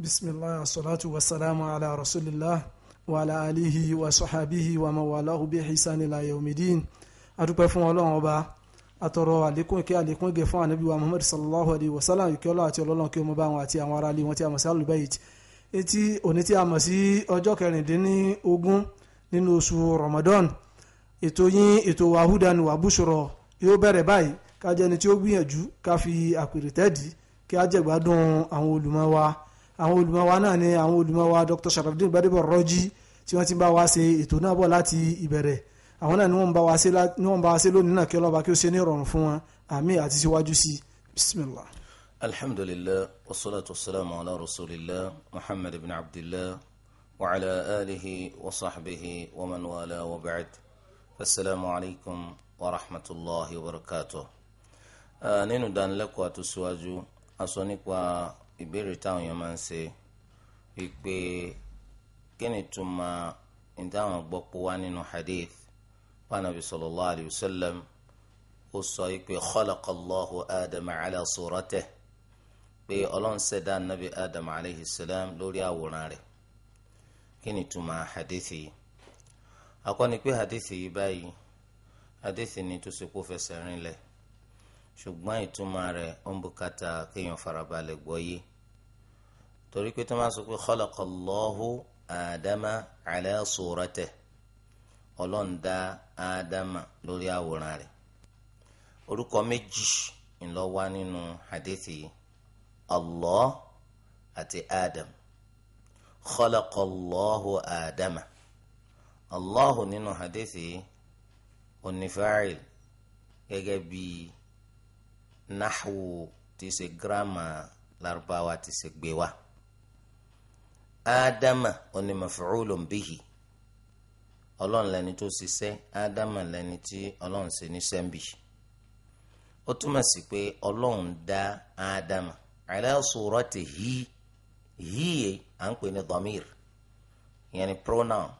بسم الله والصلاة والسلام على رسول الله وعلى آله وصحابه ومن والاه بإحسان إلى يوم الدين adúpẹ́ fún ọlọ́run ọba atọrọ àlékún ìkẹ́ àlékún ìgẹ̀ fún ànábì wa muhammad sallallahu alayhi wa sallam ìkẹ́ ọlọ́run àti ọlọ́run kí ọmọ bá wọn àti àwọn ará ilé wọn tí a mọ̀ sí alubait etí òní tí a mọ̀ sí ọjọ́ kẹrìndínlógún nínú oṣù ramadan ètò yín ètò wàhúdani wàbúṣọrọ yóò bẹ̀rẹ̀ báyìí ká tí ó gbìyànjú ká àpèrè tẹ́ẹ̀dì kí á àwọn olùmọ̀ wa àwọn olùmọ̀ wa náà ni àwọn olùmọ̀ wa Dr. Sharafdin Gbadebo Rọ́jí tí wọ́n ti bá wa ṣe ètò náà bọ̀ láti ìbẹ̀rẹ̀ àwọn náà ni wọ́n bá wa ṣe lónìí náà kí ọlọ́ba kí ó ṣe ní ìrọ̀rùn fún wọn àmín àti síwájú sí bismillah. alhamdulillah wasalaatu wasalaamu ala rasulillah muhammad ibn abdillah wa alihi wa sahbihi wa man wala wa ba'd asalaamu alaykum wa rahmatulahi wa barakatuh. nínú ìdánilẹ́kọ̀ọ́ àtúnṣíwájú a sọ nípa ìbéèrè táwọn èèyàn máa ń ṣe wípé kí ni túmọ̀ ìdáhùn gbọ́pọ̀ wá nínú hadith panabi sallallahu alayhi wa sallam ó sọ wípé khalaqallahu adama ala suratihi pé ọlọ́run ṣẹ̀dá nabi adama alayhi salam lórí àwòrán rẹ̀ kí ni túmọ̀ hadith yìí akọ́ni pé hadith yìí báyìí hadith ni tó ṣe kó fẹsẹ̀ rinlẹ̀ ṣùgbọ́n ìtumọ̀ rẹ̀ ó ń bùkátà kéèyàn farabalẹ̀ gbọ́ yé torí pé tó máa sọ pé khalaqallahu àdámà ala suratihi ọlọ́run dá ádámà lórí àwòrán rẹ̀ orúkọ méjì ńlọ wá nínú hadithi yìí àti adam khalaqallahu àdámà allahu nínú hadithi yìí gẹ́gẹ́ bíi nahwu ti ṣe girama Lárúbáwá ti ṣe gbé wa ádámà oní maf'ulun bihi ọlọ́run lẹni tó ṣiṣẹ́ ádámà lẹni tí ọlọ́run ṣe ní sẹ́ńbì ó túmọ̀ sí pé ọlọ́run dá ádámà ala suratihi híye à ń pè ní dhamir ìyẹn ni pronoun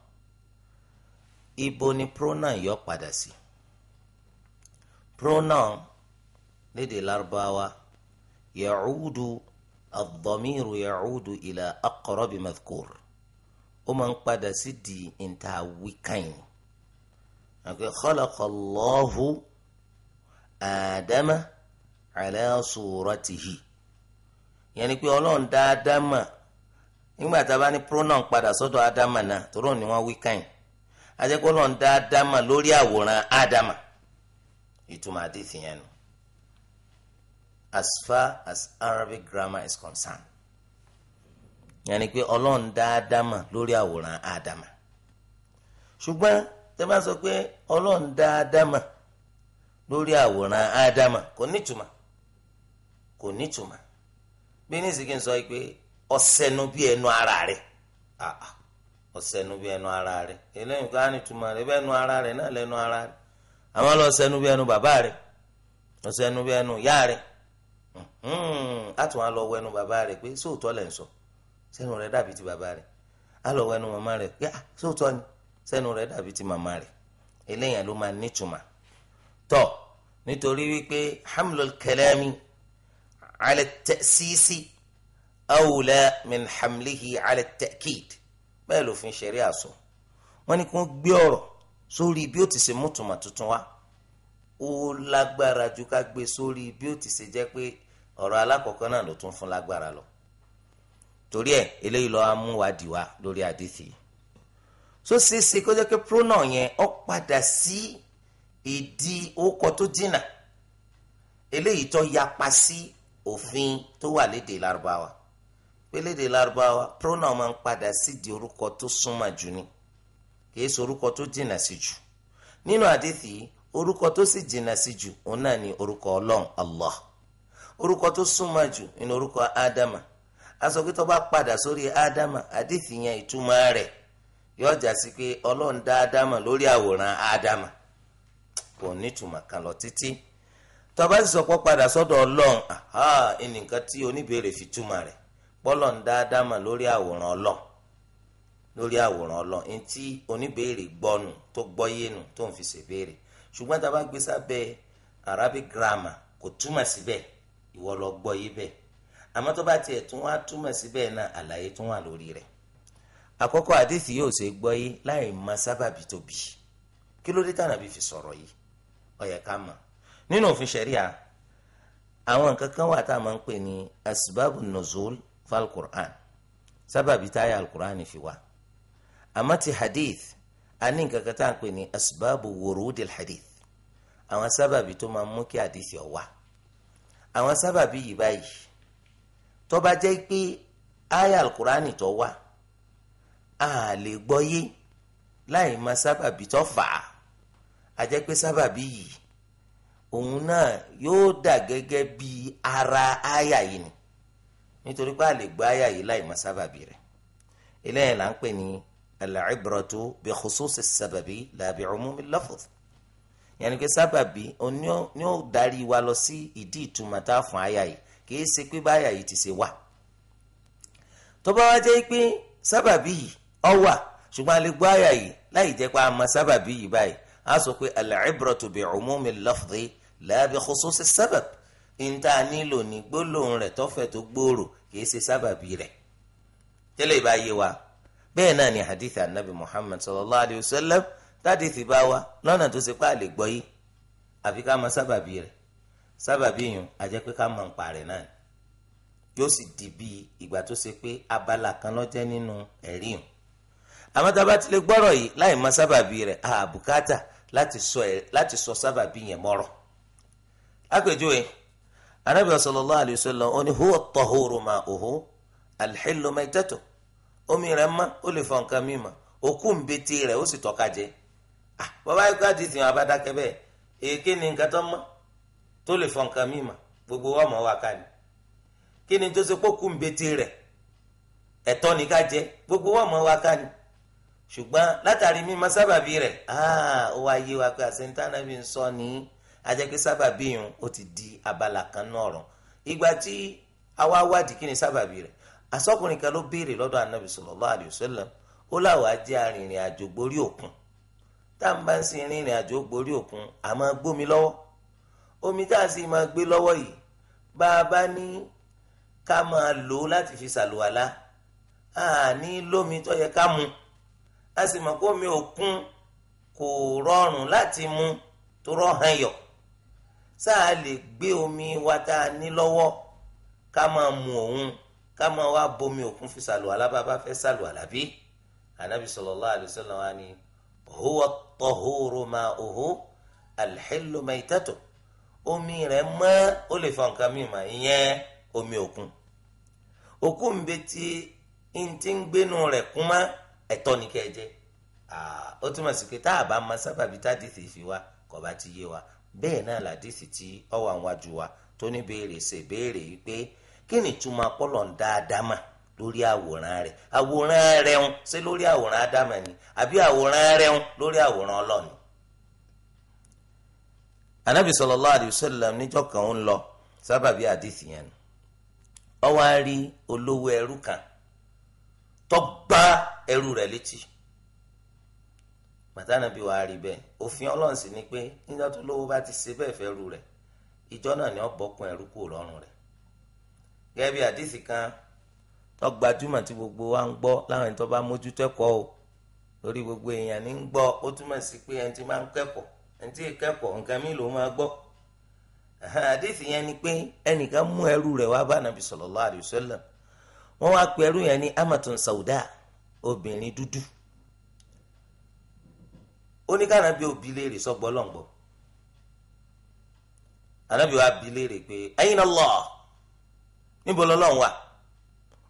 ibo ni pronoun yọ padà sí pronoun lédè lárúbáwá ya'udu ad-damiru ya'udu ila aqrabi madhkur ó máa ń padà sí di ìta wíkàyìn àgbẹ khalaqallahu àdámà ala suratihi yẹn ni pé ọlọ́run dá ádámà nígbà tá a bá ní pronoun padà sọ́dọ̀ ádámà náà tóró ni wọ́n wí káyìn ajẹ́kọ́ ọlọ́run dá ádámà lórí àwòrán ádámà ìtumọ̀ àdìsí yẹn as far as Arabic grammar is concerned yẹn ni pé ọlọ́run dá ádámà lórí àwòrán ádámà ṣùgbọ́n tẹ́ bá sọ pé ọlọ́run dá ádámà lórí àwòrán ádámà kò nítumọ̀ kò nítumọ̀ bí ní ìsìnkí sọ pé ọ̀sẹ̀nu bí ẹnu ara rẹ̀ ọ̀sẹ̀nu bí ẹnu ara rẹ̀ eléyìí ká rẹ̀ ara rẹ̀ náà lẹ́nu ara rẹ̀ bí ẹnu bàbá rẹ̀ ọ̀sẹ̀nu bí ẹnu ìyá rẹ̀ Hmm. a tún á lọ wẹnu bàbá rẹ̀ pé sóòótọ́ lẹ̀ ń sọ sẹ́nu rẹ̀ dàbí ti bàbá rẹ̀ á lọ wẹnu màmá rẹ̀ pé sóòótọ́ ah, ni sẹ́nu rẹ̀ dàbí ti màmá rẹ̀ eléyàn ló máa nítumà tọ́ nítorí wípé hamlul kalami ala at-ta'sisi awla min hamlihi ala at-ta'kid bẹ́ẹ̀ lòfin ṣẹ̀rí àsùn wọ́n ní kí wọ́n gbé ọ̀rọ̀ sórí bí ó ti ṣe mútùmá tuntun wá ó lágbára ju ká gbé sórí bí ó ti ṣe jẹ́ pé ọ̀rọ̀ alákọ̀ọ́kọ́ náà ló tún fún lágbára lọ torí ẹ̀ eléyìí lọ́ọ́ amúwádìí wa lórí àdìsí yìí so ṣeéṣe kó jẹ́ pé pronoun yẹn ó padà sí ìdí orúkọ tó dínà eléyìí tó yapa sí òfin tó wà lédè lárúbáwá pé lédè lárúbáwá pronoun máa ń padà sí ìdí orúkọ tó súnmọ́ jù ni kìí ṣe orúkọ tó dínà sí jù nínú àdìsí orúkọ tó sì dínà sí jù òun náà ni orúkọ ọlọ́run allah orúkọ tó súnmọ́ jù nínú orúkọ ádámà aṣọ pé tó bá padà sórí ádámà àdìsí yẹn ìtumọ̀ rẹ̀ yóò já sí pé ọlọ́run dá ádámà lórí àwòrán ádámà kò nítumọ̀ kan lọ títí tó bá sì sọpọ́ padà sọ́dọ̀ ọlọ́run ẹnìkan tí oníbèrè fi túmọ̀ rẹ̀ pọ́lọ̀ ń dá ádámà lórí àwòrán ọlọ́run lórí àwòrán ọlọ́run ẹni tí oníbèrè gbọ́nu tó gbọ́yé nu tó ń fi ṣèbéèrè ṣùgbọ́n tá bá gbé sábẹ́ Arabic grammar kò túmọ̀ síbẹ̀ si ìwọ lọ gbọ́ yé bẹ́ẹ̀ àmọ́ tó bá tiẹ̀ tún wá túmọ̀ sí bẹ́ẹ̀ náà àlàyé tún wà lórí rẹ̀ àkọ́kọ́ àdìsí yóò ṣe gbọ́ yé láì mọ sábàbí tó bí kí ló dé tànà bí fi sọ̀rọ̀ yìí ó yẹ ká mọ̀ nínú òfin ṣẹ̀ríà àwọn nǹkan kan wà tá a máa ń pè ní asbabu nuzul falquran sábàbí táyà alquran fi wà àmọ́ ti hadith a ní nǹkan kan tá a ń pè ní asbabu wurudil hadith àwọn sábàbí tó máa ń mú kí àdìsí ó wà àwọn sábàbí yìí báyìí tó bá jẹ́ pé aya alukurani tó wà a lè gbọ́yé láì mọ sábàbí tó fà á a jẹ́ pé sábàbí yìí òun náà yóò dà gẹ́gẹ́ bí ara aya yìí ni nítorí pé a lè gbọ́ aya yìí láì mọ sábàbí rẹ̀ eléyìí là ń pè ní al-ibratu bi khususi sábàbí la bi yẹn ni pé sábàbí ni ó darí wa lọ sí ìdí ìtumọ̀ tá a fún àyà yìí kì í ṣe pé báyà yìí ti ṣe wà tó bá wá jẹ́ pé sábàbí yìí ọ wà ṣùgbọ́n a lè gbọ́ àyà yìí láì jẹ́ pé a mọ sábàbí yìí báyìí a sọ pé al-ibratu bi umumi al-lafzi la bi khususi as níta nílò ní gbólóhùn rẹ̀ tọ́fẹ̀ tó gbòòrò kì í ṣe sábàbí rẹ̀ tẹ́lẹ̀ ìbáyé wa bẹ́ẹ̀ náà ni hadith anabi muhammad sallallahu alayhi wa sallam tádìsì bá wa lọ́nà tó ṣe pé a lè gbọ́ yìí àfi ká mọ sábàbí rẹ̀ sábàbí yìí a jẹ́ pé ká mọ ń parẹ́ náà yóò sì di bí ìgbà tó ṣe pé abala kan ló nínú ẹ̀rí yìí àmọ́ tá a bá ti lè gbọ́rọ̀ yìí láì mọ sábàbí rẹ̀ láti sọ sábàbí yẹn mọ́rọ̀ lápèjúwe ó ní omi rẹ̀ mọ́ ó lè fọ nǹkan mímọ́ òkú ń rẹ̀ ó sì Ah, bọ́bá yìí ká dìtì wọn abádákẹ́ bẹ́ẹ̀ èké ni nǹkan tó mọ́ tó lè fọ nǹkan mímọ́ gbogbo ọmọ wa ká ní kí ni tó ṣe pókú ń betí rẹ̀ ẹ̀tọ́ ni ká jẹ gbogbo ọmọ wa ká ní ṣùgbọ́n látàrí mímọ̀ sábàbí rẹ̀ ah, ó wá yé wa pé àṣentánà bí ń sọ ní ajẹ́ sábàbí yìí ó ti di abala kan náà rọ̀ ìgbà tí àwa wádìí kí ni sábàbí rẹ̀ asọ́kùnrin kan ló béèrè lọ́dọ̀ anabi sallallahu alayhi tá à ń bá ń sin ìrìnrìn àjò gborí òkun a máa gbómi lọ́wọ́ omi tá a sì máa gbé lọ́wọ́ yìí bá a bá ní ká máa lò ó láti fi ṣàlùwàlá a ní lómi tó yẹ ká mu a sì mọ̀ kómi òkun kò rọrùn láti mu tó rọ̀hàn yọ̀ sáà lè gbé omi wa tá a ní lọ́wọ́ ká máa mu òun ká máa wá bomi òkun fi ṣàlùwàlá bá a bá fẹ́ ṣàlùwàlá bí anabi sallallahu alaihi wasallam ni huwa tahuru ma'uhu al-hillu maytatu omi rẹ̀ mọ́ ó lè fa nǹkan mímọ́ ìyẹn omi òkun oku ń bẹ tí n ti ń gbénu rẹ̀ kún mọ́ ẹ̀tọ́ ni kẹ́ ẹ jẹ́ ah, ó túmọ̀ sí pé a bá ma sábàbí tádìsì fi wa kò bá ti yé wa bẹ́ẹ̀ náà làdìsì tí ọwọ́ àwọn ajú wa tó ní béèrè ṣe béèrè yìí pé kí ni túmọ̀ pọ́lọ̀ ń dáadáa mà. lórí àwòrán rẹ̀ àwòrán rẹ̀ ń ṣe lórí àwòrán ádámà ni àbí àwòrán rẹ̀ ń lórí àwòrán ọlọ́ni. anabi sallallahu alayhi wa sallam kan ń lọ sábàbí àdìsí yẹn ni ó wá rí olówó ẹrú kan tó gbá ẹrú rẹ̀ létí màtánàbí wàá rí bẹ́ẹ̀ òfin Ọlọ́run sì ni pé nígbà tó lówó bá ti ṣe bẹ́ẹ̀ fẹ́rù rẹ̀ ìjọ náà ni ó bọ́kùn ẹrú kúrò lọ́rùn rẹ̀ gẹ́gẹ́ bí àdìsí kan tó gbajúmọ̀ tí gbogbo wa ń gbọ́ láwọn ìtọ́ bá mójútó o lórí gbogbo èèyàn ní ń gbọ́ ó túmọ̀ sí pé ẹni tí máa ń kẹ́kọ̀ọ́ ẹni tí kẹ́kọ̀ọ́ nǹkan mi ló máa gbọ́ àdéhìí yẹn ni pé ẹnìkan mú ẹrú rẹ̀ wá bá nàbì wọ́n wá pe ẹrú yẹn ní sauda obìnrin dúdú bí léèrè pé níbo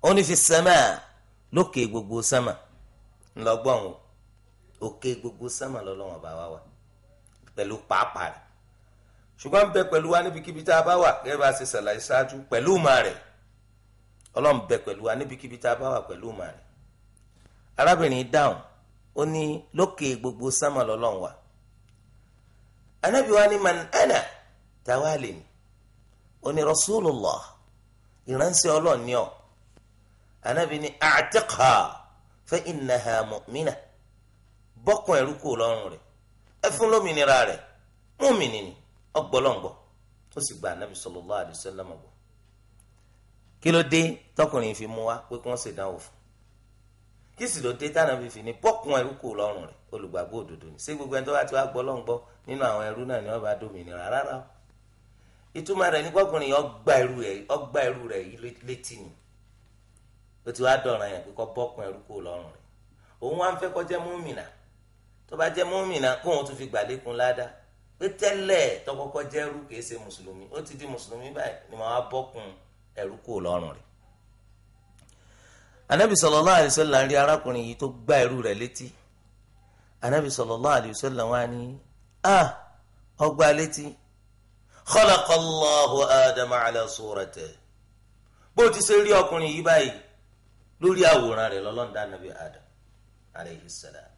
ó ní fi sẹ́mà lókè gbogbo sama o òkè gbogbo sama lọ́lọ́wọ́n bá wa wà pẹ̀lú pàápàá ṣùgbọ́n bẹ pẹ̀lú wa a bá wà gẹ́gẹ́ bá a ṣe ṣàlàyé ṣáájú pẹ̀lú ìmọ̀ rẹ̀ ọlọ́run bẹ pẹ̀lú wa níbikíbi tá a bá wà pẹ̀lú rẹ̀ arábìnrin ni tawalin anabi ni a'tiqha fa innaha mu'mina bọ́kùn ẹ̀rú kò lọ́rùn rẹ̀ ẹ fún lómìnira rẹ̀ múmìnì ni ọgbọ́lọ́ngbọ́ ó sì gba anabi sallallahu alaihi wasallam gbọ́ kí ló dé tọkùnrin fi mú wa pé kí wọ́n ṣèdánwò fún kí sì ló dé tànàbí fi ní bọ́kùn ẹrú kò lọ́rùn rẹ̀ olùgbàgbọ́ òdodo ni ṣé gbogbo ẹni tó bá ti wá gbọ́ nínú àwọn ẹrú náà ni wọ́n bá dòmìnira rárá ìtumọ̀ rẹ̀ ní gbọ́kùnrin ọgbà ẹrú rẹ̀ létí ni ó ti wá dọ̀ràn yẹn pé kọ́ bọ́kùn ẹrú kúrò lọ́rùn rẹ̀ òun wá ń fẹ́ kó jẹ́ múmìnà tó bá jẹ́ múmìnà kóun tún fi gbàlékun ládàá pé tẹ́lẹ̀ tọkọ́kọ́ jẹ́ ẹrú kìí ṣe mùsùlùmí ó ti di mùsùlùmí báyìí ni màá wá bọ́kùn ẹrú kúrò lọ́rùn rẹ̀ anabi sallallahu alaihi wasallam rí arákùnrin yìí tó gbá ẹrú rẹ̀ létí anabi sallallahu alaihi wasallam wá ní ah, a ọgbà létí khalaqallahu adama ala suratihi bó ti ṣe rí ọkùnrin yìí báyìí lórí àwòrán rẹ̀ lọ́lọ́run dá nàbí adam alayhi salam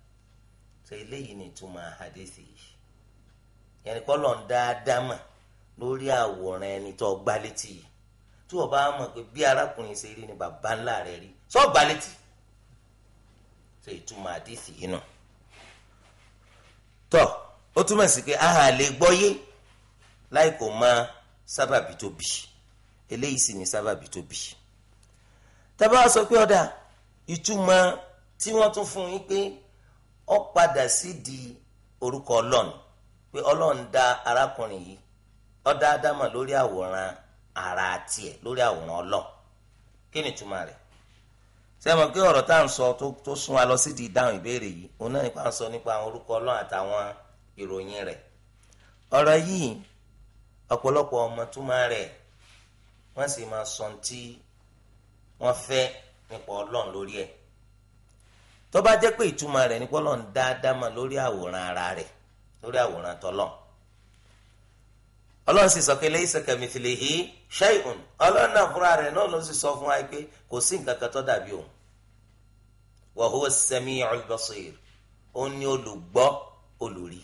ṣe eléyìí ni ìtumọ̀ hadithi yìí yẹnni kọ́ lọ́n dáadáa mà lórí àwòrán ẹni tó gbá létí yìí tí wọ́n bá mọ̀ pé bí arákùnrin ṣe rí ni bàbá ńlá rẹ̀ rí sọ gbá létí ṣe ìtumọ̀ hadithi yìí náà tọ́ ó túmọ̀ sí pé aha lè gbọ́yé láì kò mọ sábàbí tó eléyìí sì ni sábàbí tó tẹ́bá sọ pé ọ̀dà ìtumọ̀ tí wọ́n tún fún yín pé ọ padà sí di orúkọ ọlọ́run pé ọlọ́run dá arákùnrin yìí ọ dá ádámà lórí àwòrán ara tiẹ̀ lórí àwòrán ọlọ́run kí ni ìtumọ̀ rẹ̀ sẹ́mi pé ọ̀rọ̀ tá à ń sọ tó sún wa lọ sí di ìdáhùn ìbéèrè yìí òun náà nípa ń sọ nípa àwọn orúkọ ọlọ́run àtàwọn ìròyìn rẹ̀ ọ̀rọ̀ yìí ọ̀pọ̀lọpọ̀ ọmọ túmọ̀ rẹ̀ wọ́n sì máa sọ ti wọ́n fe nípa ọlọ́run lórí ẹ̀ tó bá jẹ́ pé ìtumọ̀ rẹ̀ nípa ọlọ́run dáadáa lórí àwòrán ara rẹ̀ lórí àwòrán tọ́lọ́run ọlọ́run sì sọ pé laysa kamithlihi shay'un ọlọ́run náà fúnra rẹ̀ náà ló sì sọ fún wa pé kò sí nǹkan kan tó dàbí òun wa huwa as ó ní olùrí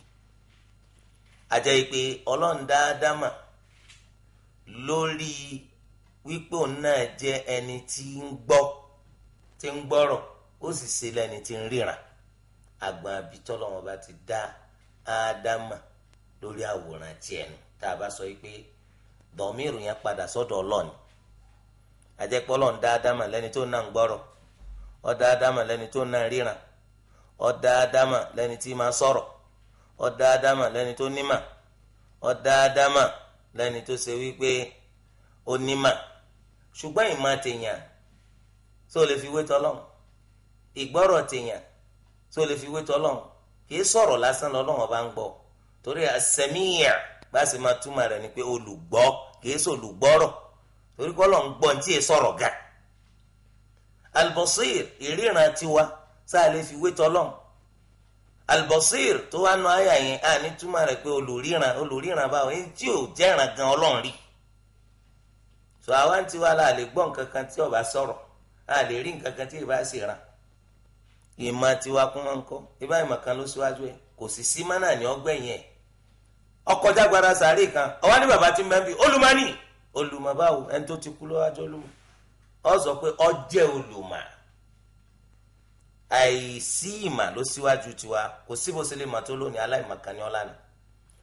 pé wípé òun náà jẹ́ ẹni tí ń gbọ́ tí ń gbọ́rọ̀ ó sì ṣe lẹ́ni tí ń ríran àgbọn àbí bá ti dá ádámà lórí àwòrán tiẹ̀ nù tá a bá sọ pé dọ̀míìrù yẹn padà sọ́dọ̀ ọlọ́ọ̀ni àjẹpọ̀ ọlọ́ọ̀ni dá ádámà lẹ́ni tó náà ń gbọ́rọ̀ ó ádámà lẹ́ni tó náà ríran ádámà tí máa ádámà ṣùgbọ́n ìmọ̀ tèèyàn tó lè fi wé tọ́lọ́hún ìgbọ́rọ̀ tèèyàn tó lè fi wé tọ́lọ́hún kìí sọ̀rọ̀ lásán lọ́lọ́hún bá ń gbọ́ torí àsẹ̀míyà bá sì máa túmọ̀ rẹ̀ ni pé olùgbọ́ kìí sọ olùgbọ́rọ̀ torí kọ́lọ̀ ń gbọ́ tí ì sọ̀rọ̀ ga albosir ìríran tiwa sáà lè fi wé tọ́lọ́hún albosir tó wá nu àyà yẹn àní túmọ̀ rẹ̀ pé olùríran olùríran báwo ẹni tí ò jẹ́ràn gan ọlọ́run rí so àwa ti wá la lè gbọ́ nǹkan kan tí ọba sọ̀rọ̀ a lè rí nǹkan kan tí ìbá sì ràn ìmọ̀ tiwa kún wọn kọ́ ìbá ìmọ̀ kan ló síwájú ẹ̀ kò sì sí mọ́nà ní ọgbẹ̀yìn ẹ̀ ọkọ̀ jágbára sàárè kan ọwọ́ ní bàbá tí ń bẹ́ ń bí olùmọ́ni olùmọ̀ báwo ẹni tó ti kú lọ́wájú olùmọ̀ ọ sọ pé ọ jẹ́ olùmọ̀ àìsí ìmọ̀ ló síwájú tiwa kò sí bó ṣe mọ̀ tó lónìí aláìmọ̀ kan ní ọ̀la ni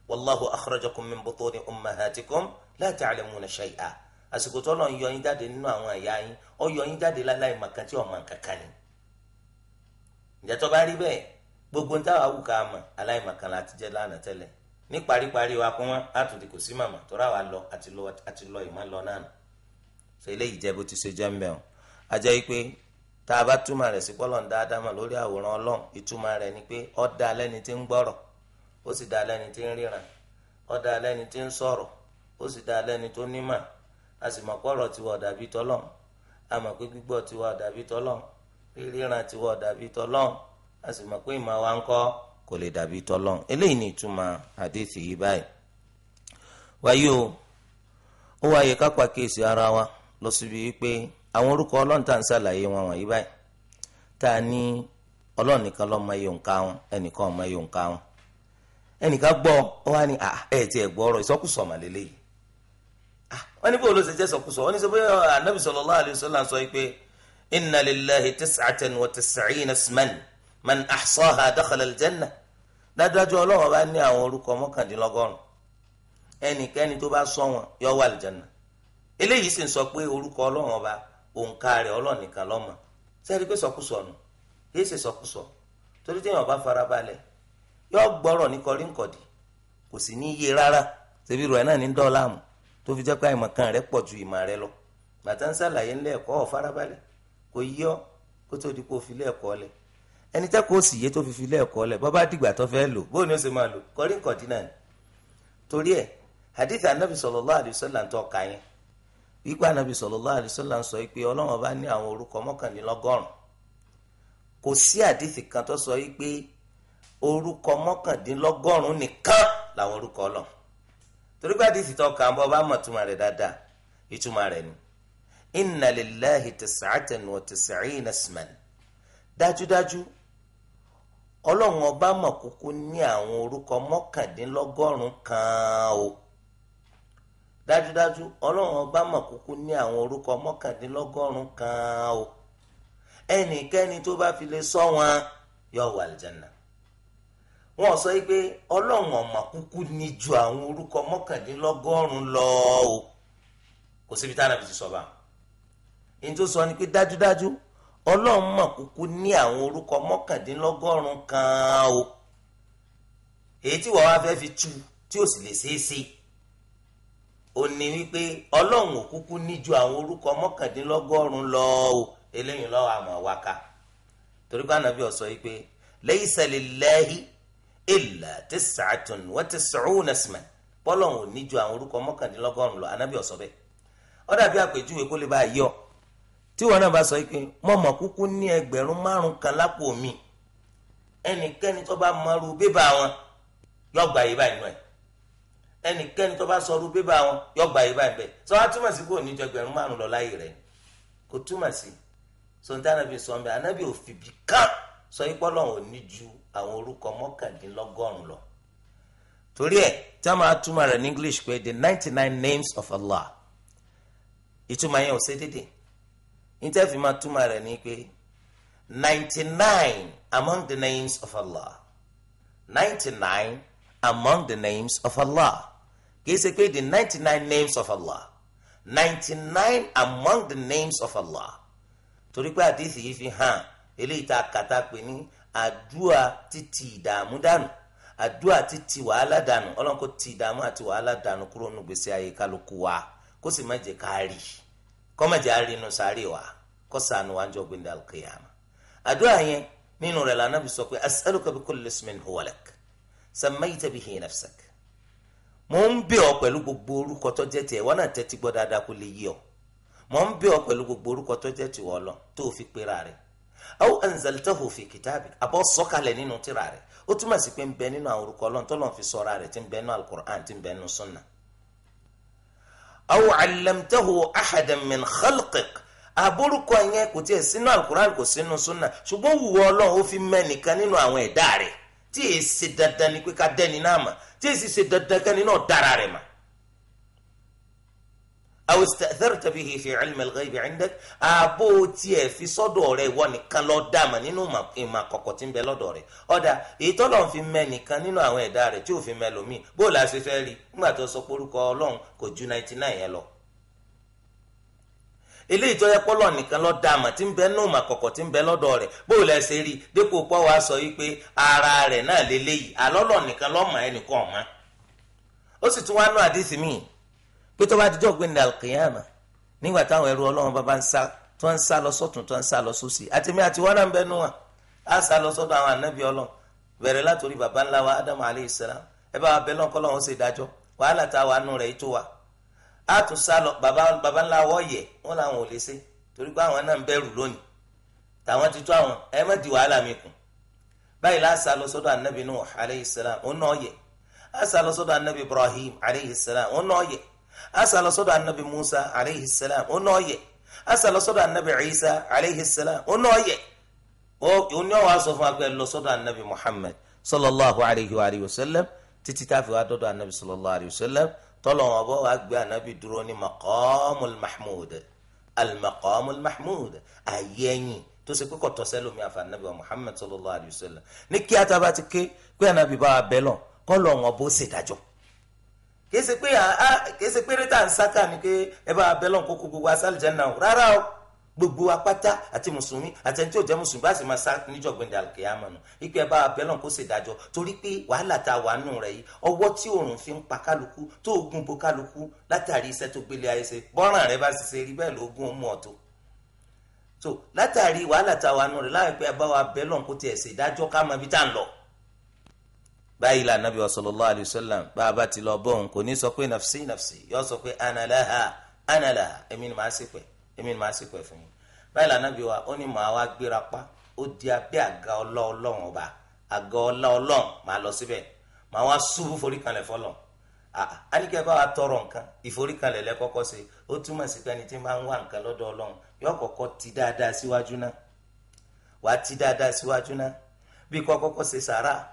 wallahu akhrajakum min butuni ummahatikum la ta'lamuna shay'a àsìkò tó lọ ń yọ yín jáde nínú àwọn ẹ̀yà yín ó yọ yín jáde láláì màkàn tí ọmọ kankan ni ǹjẹ́ tó bá rí bẹ́ẹ̀ gbogbo ní táwa wù ká mọ̀ aláìmọ̀kan láti jẹ́ lánàá tẹ́lẹ̀ ní paríparí wa pọ́n àtúndì kò sí màmá tó ráwa lọ àti lọ ìmọ̀ lọ náà nù so eléyìí jẹ́ bó ti ṣe jẹ́ mbẹ́ o a jẹ́ pé tá a bá túmọ̀ rẹ̀ sí pọ́lọ̀ ń dáadáa mọ̀ lórí àwòrán ọlọ́run ìtumọ̀ rẹ̀ ni pé ó dá lẹ́ni tí ń gbọ́rọ̀ ó sì dá lẹ́ni tí ń ríran ó dá lẹ́ni tí ń sọ̀rọ̀ ó sì dá lẹ́ni tó nímọ̀ a sì mọ̀ pọ̀rọ̀ tiwa ọ̀dàbí tọ́lọ̀ a mọ̀ pé gbígbọ́ tiwa ọ̀dàbí tọ́lọ̀ ríran tiwa ọ̀dàbí tọ́lọ̀ a sì mọ̀ pé ìmọ̀ wa ń kọ́ kò lè dàbí tọ́lọ̀ eléyìí ni ìtumọ̀ àdéhìí yìí báyìí. wáyé o ó wáyé ká pàkíyèsí ara wa lọ síbi wípé àwọn orúkọ ọlọ́run tá à ń ṣàlàyé wọn wọ̀nyí báyìí tá a ní ọlọ́run nìkan ló mọ iye òǹkà wọn ẹnìkan mọ iye òǹkà wọ́n ní bó ló ṣe jẹ́ sọkúsọ wọ́n ní sọ oh, bóyá anabi sallallahu alayhi wa sallam sọ pé inna lillahi tis'atan wa tis'ina isman man ahsaha dakhala aljanna dájúdájú ọlọ́wọ́ bá ní àwọn orúkọ mọ́kàndínlọ́gọ́rùn ẹnikẹ́ni tó bá sọ wọn yọ wà aljanna eléyìí sì ń sọ pé orúkọ ọlọ́wọ́ bá òǹkà rẹ̀ ọlọ́nìkan lọ́mọ sẹ́ẹ̀rí pé sọkúsọ nù yéé ṣe sọkúsọ torí téèyàn bá farabalẹ̀ yọ gbọ́rọ̀ ní kọrí nkọ̀dí kò sì ní yé rárá ṣèbí rẹ̀ náà ní dọ́ọ̀láàmù tó fi jẹ́ pé àìmọ̀ kan rẹ̀ pọ̀ ju ìmọ̀ rẹ̀ lọ bàtà ń ṣàlàyé ńlẹ̀ ẹ̀kọ́ ọ̀ farabalẹ̀ kò yí ọ kó tó di kó fi ilé ẹ̀kọ́ lẹ̀ ẹni tẹ́ kó sì yé tó fi fi ilé ẹ̀kọ́ lẹ̀ bọ́ bá dìgbà tó fẹ́ lò bóun ni ó ṣe máa lò kọrí nǹkan dínà ni torí ẹ̀ hadith anabi sallallahu alaihi ń tọ́ ka yẹn wípé anabi sallallahu alaihi ń sọ pé ọlọ́run bá ní àwọn orúkọ mọ́kànlélọ́gọ́rùn kò sí hadith kan tó sọ pé orúkọ mọ́kàndínlọ́gọ́rùn nìkan làwọn orúkọ ọlọ́run torí pé àdìsí tó kà ọba bọ́ bá mọ̀ túmọ̀ rẹ̀ dáadáa ìtumọ̀ rẹ̀ ni inna lillahi tis'atan wa tis'ina dájúdájú ọlọ́run ọba mọ̀ kúkú ní àwọn orúkọ mọ́kàndínlọ́gọ́rùn-ún kan o dájúdájú ọlọ́run ọba mọ̀ ní àwọn orúkọ wọ́n sọ pé ọlọ́run ọ̀mà kúkú ní ju àwọn orúkọ mọ́kàndínlọ́gọ́rùn-ún lọ o kò síbi táwọn àbí ti sọ bá ní tó sọ ni pé dájúdájú ọlọ́run mọ̀ kúkú ní àwọn orúkọ mọ́kàndínlọ́gọ́rùn-ún kan o èyí tí wọ́n wá fẹ́ fi tu tí ò sì lè ṣeé ṣe ó ní wípé ọlọ́run òkúkú ní ju àwọn orúkọ mọ́kàndínlọ́gọ́rùn-ún lọ o eléyìí lọ́wọ́ àmọ́ wáká torí pé ànábì ó sọ yìí pé laysa lillahi illa tis'atun wa tis'una isman bọ́lọ̀hún ò ní ju àwọn orúkọ mọ́kàndínlọ́gọ́rùn-ún lọ anábì ọ̀sọ́ bẹ́ẹ̀ ó dàbí àpèjúwe kó lè bá a yọ tí wọn náà bá sọ pé mọ̀mọ́ kúkú ní ẹgbẹ̀rún márùn-ún kan lápò mi ẹnikẹ́ni tó bá mọ̀rú bébà wọn yọ gbà yí báyìí náà ẹnikẹ́ni tó bá sọrú bébà wọn yọ gbà yí báyìí bẹ́ẹ̀ sọ wá túmọ̀ sí kò ní ju ẹgbẹ̀rún márùn lọ láyé rẹ̀ kò túmọ̀ sí sọ̀ńtà anábì sọ̀ńbẹ́ anábì sọ àwọn orúkọ mọ́kàndínlọ́gọ́rùn-ún lọ torí ẹ̀ tí a máa túmọ̀ rẹ̀ ní English pé the ninety nine names of Allah ìtumọ̀ yẹn ò ṣe dédé ìtẹ́fì máa túmọ̀ rẹ̀ ní pé ninety nine among the names of Allah ninety nine among the names of Allah kìí ṣe pé the ninety nine names of Allah ninety nine among the names of Allah torí pé àdìsí yìí fi hàn eléyìí tá a kàtà pé ní àdúà títí ìdààmú dànù àdúà títí wàhálà dànù ọlọ́run kó ti ìdààmú àti wàhálà dànù kúrò nù gbèsè ayé kálukú wa kó sì má jẹ́ ká rí kó má jẹ́ àrínú sáré wa kó sànù wájú ọ̀gbìn dàlùkìyàmù àdúrà yẹn nínú rẹ̀ lànà bí sọ pé as'aluka bi kulli ismin huwa lak sammayta bihi nafsak mo ń bẹ̀ ọ́ pẹ̀lú gbogbo orúkọ tó jẹ́ tiẹ̀ wọ́n náà tẹ́tí gbọ́ dáadáa kó lè yé ọ mo ń bẹ̀ ọ́ pẹ̀lú gbogbo orúkọ tó jẹ́ tiwọ́ lọ tó o fi pera rẹ̀ aw anzaltahu fi kitaabik àbọ̀ sọ̀kalẹ̀ nínú tírà rẹ̀ ó túmọ̀ sí pé ń bẹ nínú àwọn orúkọ ọlọ́run tó lọ́n fi sọ̀ra rẹ̀ tí ń bẹ nínú alukur'an tí ń bẹ nínú sunna. aw allamtahu ahadan min khalqik àbórúkọ yẹn kò tiẹ̀ sínú alukur'an kò sínú sunna ṣùgbọ́n wù ọlọ́run fi mẹ́ nìkan nínú àwọn ẹ̀dá rẹ̀ tí èsì dandan ni pé ká dẹ́ni náà mà tí èsì ṣe dandan kẹ́ni náà dára rẹ̀ mà. aw ista'tharta bihi fi ilmi al-ghaybi 'indak ààbò tiẹ̀ fi sọ́dọ̀ rẹ̀ wọ́n nìkan lọ dàmà nínú ìmọ̀ àkọ́kọ́ tí ń bẹ lọ́dọ̀ rẹ̀ ọ̀dà èyí tọ́lọ̀ ń fi nínú àwọn ẹ̀dá rẹ̀ tí fi la ṣe lọ. tí ń bẹ tí wa sọ wípé ara náà nìkan ẹnìkan ó sì tún wá àdìsí míì pé tó bá dijọ́ gbẹ̀ndà alkiyama nígbà táwọn ẹrú ọlọ́run bàbá ń sá tó ń sá lọ sọ́tún tó ń sá lọ sósì àti mi àti wọn náà ń bẹ nù wọn á sá lọ sọ́dọ̀ àwọn ànábì ọlọ́run bẹ̀rẹ̀ látòrí baba ńlá wa Ádámù alayhi salam ẹ bá wa bẹ lọ́n kọ́lọ́run ṣe dájọ́ wàhálà tá a wà nù rẹ̀ yìí tó wa á tún sá lọ baba ńlá wọ́ yẹ wọn làwọn ò lè ṣe torí pé àwọn náà ń bẹ̀rù lónìí tàwọn ti tó àwọn ẹ Ibrahim alayhi salam ó náà asa lọ sọ́dọ̀ anabi musa aleyhi salam ó náà yẹ asa lọ sọ́dọ̀ anabi isa aleyhi salam ó náà yẹ ó ní ọwọ́ aṣọ fún agbẹ́ lọ sọ́dọ̀ anabi muhammad sallallahu alayhi wa alihi wa sallam títí tá a fi wá dọ́dọ̀ anabi sallallahu alayhi wa sallam tọ́lọ̀ wọn bọ́ wàá gbé anabi dúró ní maqamul mahmud al-maqamul mahmud ayé ẹ̀yìn tó ṣe pé kọ̀tọ́ sẹ́lómi àfa anabi muhammad sallallahu alayhi wa sallam ní kí ata ti ké pé anabi bá wa bẹ́ lọ kọ́ lọ́ wọn bó kìí ṣe pé kìí ṣe pé rétà ń sáká ni pé ẹ bá abẹ́lọ̀ kókó gbogbo asálìjẹ́nà o rárá o gbogbo apáta àti mùsùlùmí àti ẹni tí ò jẹ́ mùsùlùmí bá sì máa sá níjọ́ gbẹ̀ndẹ̀ àlùkìyàmọ̀ nù ipe ẹ bá abẹ́lọ̀ kó ṣèdájọ́ torí pé wàhálà tá wà nù rẹ̀ yìí ọwọ́ tí oòrùn fi ń pa kálukú tó ogun bo kálukú látàrí iṣẹ́ tó gbélé ayé ṣe bọ́ràn rẹ bá ṣiṣẹ́ rí bẹ́ẹ̀ lóògùn mú ọ so látàrí wàhálà tá a wà nù rẹ̀ láwọn ẹgbẹ́ bá wa abẹ́lọ̀ kó tiẹ̀ ṣèdájọ́ ká mọ ibi tá à ń lọ báyìí la nabi wa alayhi wa sallam bá a bá ti lọ kò ní sọ pé nafsi nafsi yọ sọ pé analaha analaha èmi ni màá sì èmi ni màá sì fún yín báyìí la nabi wa ó ní màá wá gbéra pa ó di abẹ́ àga ọlọ́run ọba àga ọlọ́run màá lọ síbẹ̀ màá wá bá tọrọ nǹkan lẹ kọ́kọ́ ó túmọ̀ sí pé ẹni tí ń wá nǹkan lọ́dọ̀ ọlọ́run yọ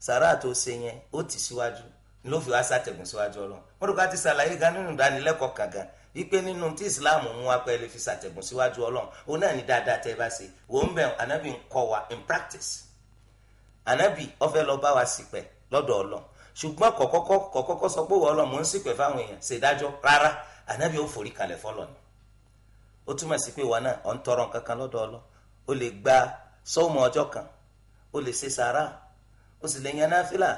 sàrà tó ṣe yẹn ó ti síwájú ló fi wá sàtẹ̀gùn síwájú ọlọ́run wọ́n dùkọ́ àti sàlàyé gan nínú ìdánilẹ́kọ̀ọ́ kan gan wípé nínú tí islam mú wa pé lè fi sàtẹ̀gùn síwájú ọlọ́run òun náà ní dáadáa tẹ́ ẹ bá ṣe wò ń bẹ̀ ànábì ń kọ́ wa in practice ànábì ó fẹ́ lọ bá wa ṣìpẹ̀ lọ́dọ̀ ọlọ́run ṣùgbọ́n kọ̀kọ́kọ́ sọ pé ọlọ́run mò ń ṣìpẹ̀ fáwọn èèyàn ṣèdájọ́ rárá ànábì ó forí kalẹ̀ fọlọ́ o sì lè yan náfìlà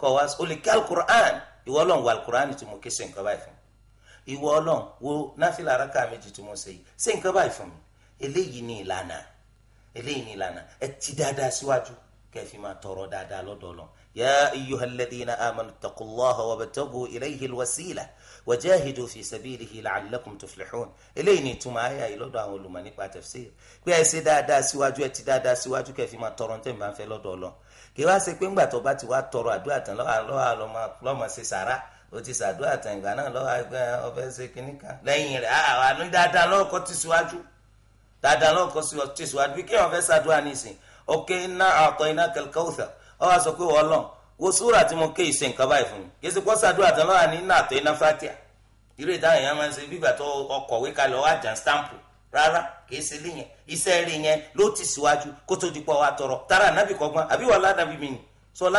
kọ wá o lè kí alukur'an ìwọ ọlọ́run wo alukur'an tí mo ké ṣe nǹkan báyìí fún mi ìwọ ọlọ́run wo náfìlà araka méjì tí mo ṣe yìí ṣe nǹkan báyìí fún mi eléyìí ni ìlànà eléyìí ni ìlànà ẹ ti dáadáa síwájú kẹ́ máa tọrọ dáadáa lọ́dọ̀ يا أيها الذين آمنوا اتقوا الله وابتغوا إليه الوسيلة وجاهدوا في سبيله لعلكم تفلحون eléyìí ni ìtumọ̀ ayé àyè lọ́dọ̀ àwọn olùmọ̀ nípa tafsir pé ẹ ṣe dáadáa síwájú ẹ ti dáadáa síwájú kẹ́ fi máa tọrọ ní tẹ̀mí máa ń fẹ́ lọ́dọ̀ Ọlọ́run kí wá ṣe pé ńgbà tó bá ti wá tọrọ àdúrà tán lọ́mọ ṣe sàrà ó ti ṣàdúrà tán ìgbà náà lọ́wọ́ ẹgbẹ́ ọbẹ̀ ṣe kínní kan lẹ́yìn rẹ̀ àwọn àánú dáadáa lọ́kọ̀ ti síwájú dáadáa lọ́kọ̀ ti síwájú bí kéèyàn fẹ́ ṣàdúrà nísìn òkè iná àtọ̀ iná kal kawthar ọ wá sọ pé wọ́n lọ wo súrà tí mo ké ìṣe nǹkan báyìí fún mi kìí ṣe pọ́sàdúrà tán lọ́wọ́ ní nàtọ́ iná fatia ìrè ìdáhùn èèyàn máa ń ṣe bígbà tó ọkọ̀wé kalẹ̀ ọwọ́ àjà rárá kìí ṣe lé yẹn iṣẹ́ rí yẹn ló ti síwájú kó tó di pọ̀ wá tọrọ tara ànábì kọ́gbọ́n àbí so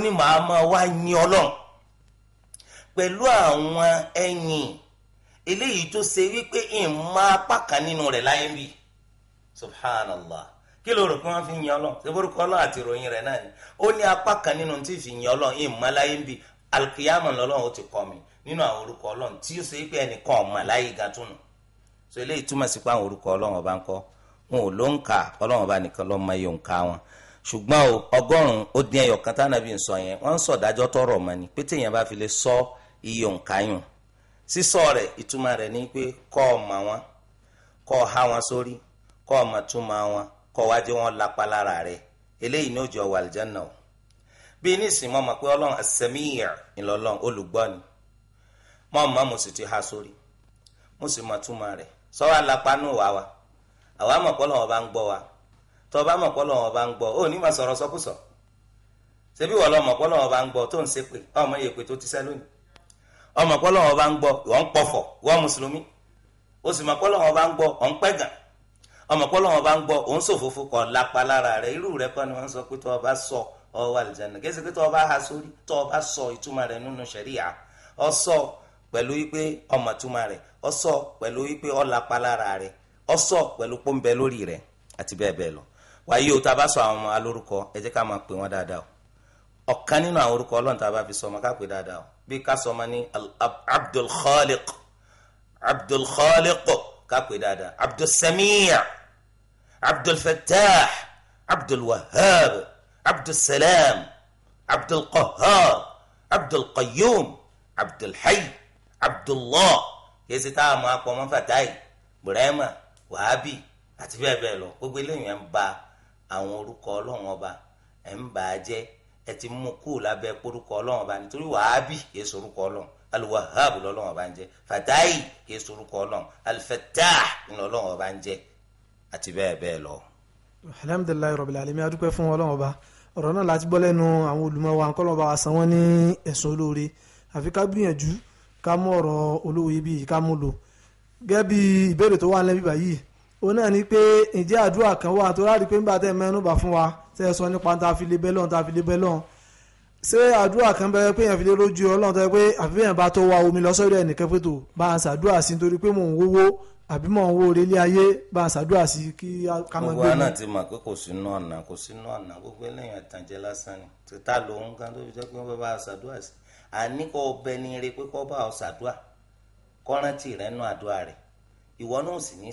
mi alayhi wa sallam eléyìí tó ṣe wípé ìmọ̀ apá kan nínú rẹ̀ láyé bí subhanallah kí ló rò pé wọ́n fi yan Ọlọ́run ṣé borúkọ àti ìròyìn rẹ̀ náà ni ó ní apá kan nínú tí fi yan Ọlọ́run ìmọ̀ láyé bí alkiyama lọ́lọ́run ó ti kọ́ mi nínú àwọn orúkọ Ọlọ́run tí ó ṣe wípé ẹnìkan ọ̀mà láyé ga tó nù so eléyìí túmọ̀ sí pé àwọn orúkọ Ọlọ́run ọba ń kọ́ wọn ò ló ń kà Ọlọ́run ọba nìkan ló mọ iye òǹkà wọn ṣùgbọ́n ọgọ́rùn-ún ó dín ẹyọ kan tánàbí ń sọ yẹn wọ́n ń sọ ìdájọ́ tọrọ mọ́ ni pété yẹn bá fi lè sọ iye òǹkà yùn sísọ rẹ̀ ìtumọ̀ rẹ̀ ni pé kọ́ ọ mọ̀ wọn kọ́ ọ há wọn sórí kọ́ ọ mọ̀ tún mọ̀ wọn kọ́ ọ wájú wọn lápá lára rẹ̀ eléyìí ní òjò wà àlùjánnà o bí ní ìsìn mọ́ mọ̀ pé ọlọ́run àsẹ̀míyà ńlọlọ́run olùgbọ́ ni mọ́ mọ́ mo sì ti há sórí mo sì mọ̀ túmọ̀ rẹ̀ sọ́wọ́ alápánú wa wa àwa mọ̀ pọ́lọ́ wọn bá ń gbọ́ wa tọ́ bá mọ̀ pọ́lọ́ wọn bá ń gbọ́ ó ní ma sọ̀rọ̀ sọkúsọ ṣebí wọ́n lọ mọ̀ pọ́lọ́ wọn bá ń gbọ́ tó ń ṣépè ọmọ yèpè tó ti sẹ́ ọmọ pọlọ wọn bá ń gbọ́ wọn ń pọfọ wọn mùsùlùmí ó sì mọ pọlọ wọn bá ń gbọ́ wọn ń pẹgàn ọmọ pọlọ wọn bá ń gbọ́ òun ṣòfófó kọ lápá lára irú rẹ̀ kọ́ ni wọ́n sọ pé tó o bá sọ ọ wà lìjànà kí ẹ sì pé tó o bá ha sórí tó o bá sọ ìtumọ̀ rẹ̀ nínú ṣẹ̀ríà ọ sọ pẹ̀lú wípé ọmọ túmọ̀ rẹ̀ ọ sọ pẹ̀lú wípé ọ lápá lára ọ sọ pẹ̀lú pọ́ńbẹ lórí rẹ̀ àti bẹ́ẹ̀ bẹ́ẹ̀ lọ wàyí o tá a bá sọ àwọn ọmọ alórúkọ ẹ jẹ́ ká máa pè wọ́n dáadáa o nínú àwọn orúkọ ọlọ́run tá fi sọ ọmọ ká pè dáadáa o bí ká sọ ma ní Abdul Khaliq Abdul Khaliq ká pè dáadáa Abdul Samiya Abdul Fattah Abdul Wahhab Abdul Salam Abdul Qahhar Abdul Qayyum Abdul Hayy Abdullah kìí ṣe táwọn ọmọ akọ ọmọ Fatai Burema Wahabi àti bẹ́ẹ̀ bẹ́ẹ̀ lọ gbogbo eléyìí ń ba àwọn orúkọ ọlọ́run ọba ẹ̀ ń bà jẹ́ ẹ ti mú kú lábẹ́ porúkọ ọlọ́run ọba nítorí wàhábì kìí sorúkọ ọlọ́run aluwahabu lọ́lọ́run ọba ń jẹ́ fatahi kìí sorúkọ ọlọ́run alifetah lọ́lọ́run ọba ń jẹ́ àti bẹ́ẹ̀ bẹ́ẹ̀ lọ. alhamdulilayi rabil alamin adúpẹ́ fún ọlọ́run ọba ọ̀rọ̀ náà láti gbọ́ lẹ́nu àwọn olùmọ̀ wa nkọlọ ọba wa san wọn ní ẹ̀sùn olóore àfi ká gbìyànjú ká mú ọ̀rọ̀ olówó ibi yìí ká mú lò tẹ́ ẹ sọ nípa ta fi lè bẹ́ lọ́n ta fi lè bẹ́ lọ́n ṣé àdúrà kan bẹ́ẹ̀ pé èèyàn fi lè rójú ọlọ́run tó pé àfi bẹ́ẹ̀ bá tó wa omi lọ sọ́dọ̀ ẹnìkan pé tó bá a ṣàdúrà sí nítorí pé mò ń wówó àbí mò ń wó orí ilé ayé bá a ṣàdúrà sí kí ká máa gbé mi. gbogbo àná ti mọ̀ pé kò sínú ọ̀nà kò sínú ọ̀nà gbogbo eléyàn àtànjẹ lásán ni títà lòun kan tó fi jẹ́ pé wọ́n bá a ṣàdúrà sí àní kò bẹ ní ire pé kò bá a ṣàdúrà kọ́rántì rẹ̀ nú àdúrà rẹ̀ ìwọ náà sì ní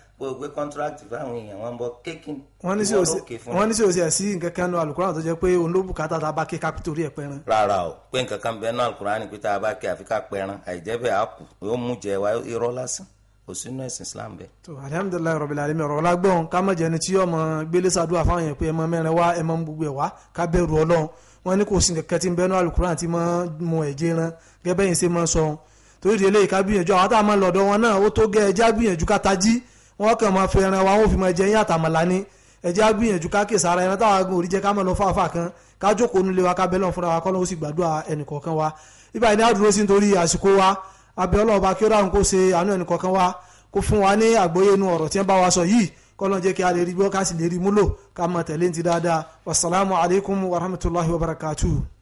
kó o gbé kọ́ńtíráàtì fáwọn èèyàn wọn bọ kékin wọn ní sí òsì wọn ní sí òsì ẹ̀sí nǹkan kan nu alukurani tó jẹ́ pé òun ló tá a bá ké kápító rí ẹ̀ pẹ́ran. rárá o pé nǹkan kan bẹ́ẹ̀ náà alukurani pé tá a bá ké àfi ká pẹ́ran àìjẹ́ bẹ́ẹ̀ á kù yóò mú jẹ wa irọ́ lásán kò sínú ẹ̀sìn Islam bẹ́ẹ̀. tó alihamudulilayi rọ̀bì làlẹ́mì ọ̀rọ̀ lágbọ́n ká má jẹ́ni tí ọmọ gbélé sàdúrà fáwọn yẹn pé ẹ mọ mẹ́rin wá ẹ mọ gbogbo ẹ̀ wá ká bẹ̀rù Ọlọ́run wọn ní kò sí nǹkan tí ń bẹ́ẹ̀ náà alukurani ti mọ mọ ẹ̀jẹ̀ ran gẹ́gẹ́ yẹn ṣe mọ sọ torí ìdílé ìka gbìyànjú àwọn táwọn máa lọ́dọ̀ wọn náà ó tó gẹ́ ẹja gbìyànjú ká tají wọ́n kàn máa fẹ́ ẹran wa wọ́n fi máa jẹ yín àtàmàlà ni ẹjẹ́ á gbìyànjú ká kè sára ẹran táwa gùn oríjẹ ká mọ̀ lọ fáfá kan ká jókòó nílé wa ká bẹ́ lọ́n fúnra wa kọ́ lóun sì gbàdúrà ẹnìkọ̀ọ̀kan wa ibà ní àdúró sí nítorí àsìkò wa abẹ́ ọlọ́ọ̀ba kí ó dáhùn kó ṣe àánú ẹnìkọ̀ọ̀kan wa kó fún wa ní àgbóyé inú ọ̀rọ̀ tí wọ́n bá wa sọ yìí kọ́lọ́n jẹ́ kí a lè rí gbọ́ ká sì lè e alaykum wa rahmatulahi